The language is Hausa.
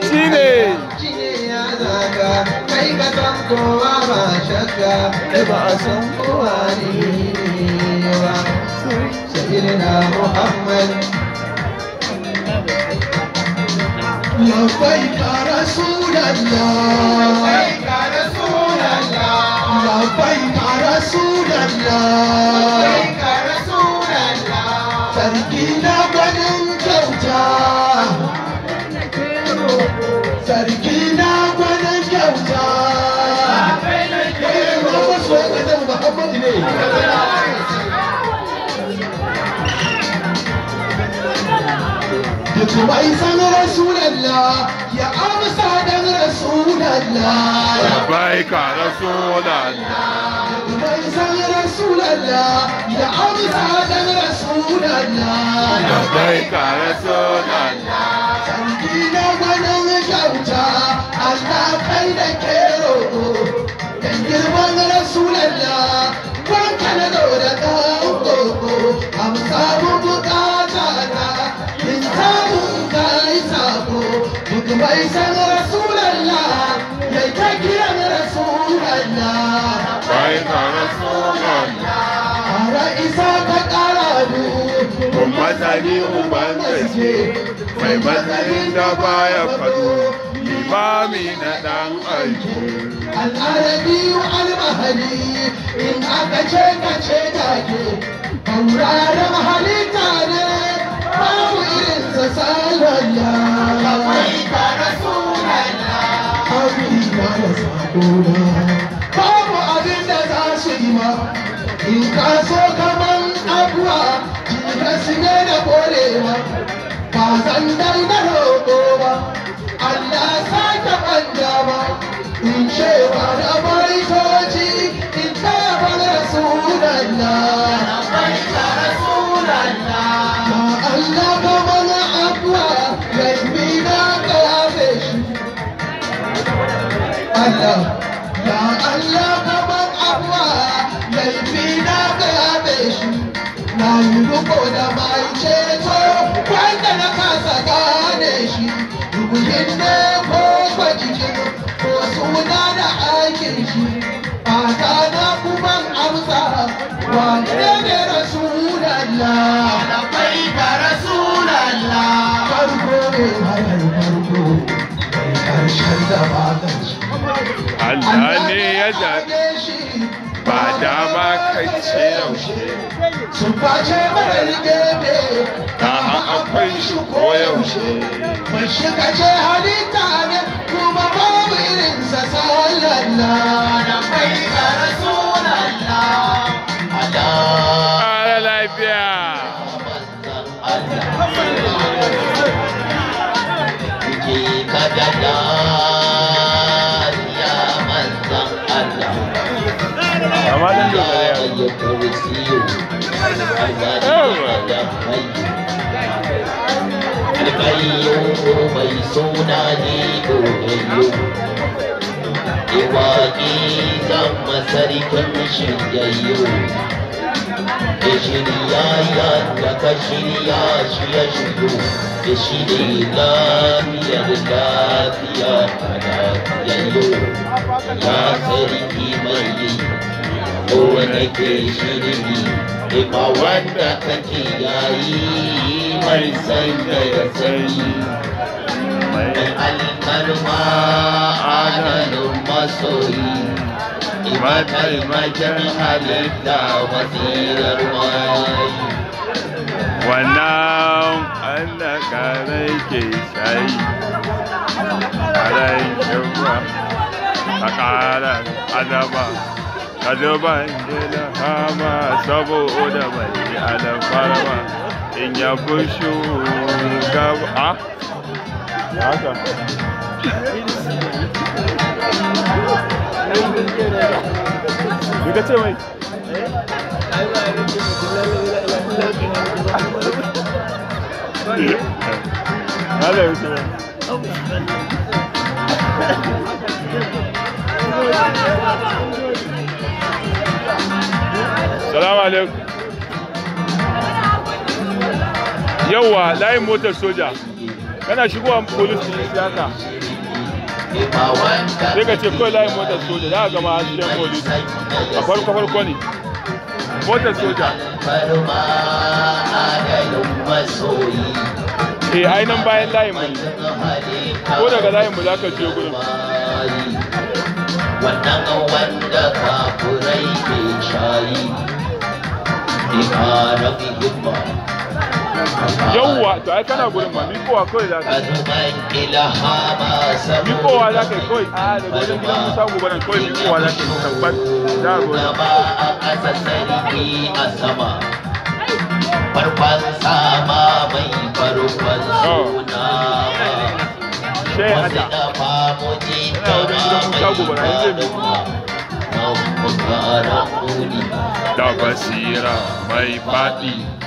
Teenage! kowa ba shakka da ba a san kowa ne ba sayyidina muhammad لبيك رسول الله لبيك رسول الله لبيك رسول الله لبيك رسول الله تركي gwamnati ne duk mai san rasulallah ya amsa dan rasulallah ya baika rasulallah duk mai san rasulallah ya amsa dan rasulallah ya baika rasulallah kyauta Allah da ke da rasu lafiya wanka na gaura kan a samu bukata ta in samu ka yi sako mai san rasulallah ya rasulallah ka isa ta kara mu da baya faɗo. infami na dan aiko al'arabi al-mahali in aka ce ka ce da ke kauraren halitta ne babu irin sa sallallahu kawai ka rasulallah kawai ka rasulallah babu abin da za su yi ma in ka so kaman abuwa jikin su ne da korewa ba zan dangana na yi rubo da mai ceto wanda na kasa gane shi rukunin ne ko kwajikin ko suna da aikin shi fata na kuma amsa wani ne ne rasulallah alabai da rasulallah farko ne halar farko mai karshen da ba Allah ne ya zaɓe shi ba dama kai ce yaushe su face mara rike ne aha akwai shi ko yaushe mun shiga ce halitta ne kuma babu irin sa sallallahu da bai ga rasulallah ala lafiya ka da that there is you. Alƙayyo mai ya so nake shirni ba wanda kake mai san da ya masoyi mataimakin halitta wasirar wannan allah ƙarai ke shayi ƙarai shirwa a ƙarar adaba kajoban jela hama saboda bai alfarma in ya fi shugaba a haka Duka ce mai? Hala mai. salamu alaikum yauwa layin motar soja kana shigowa police station haka sai ka ce kawai layin motar soja za a gama hasken police a farko farko ne motar soja eh ainihin bayan layin mu ko daga layin mu za ka je gurin wannan wanda kafurai ke yauwa to ai kana gurin ma mikowa kawai za ka yi mikowa za ka yi kawai a ah, da gudun gidan musa gobe nan kawai mikowa za ka yi tabbat za gurin farkon sama mai farkon suna wasu da mamuji da mamaye rabbuka rabbuni da basira mai faɗi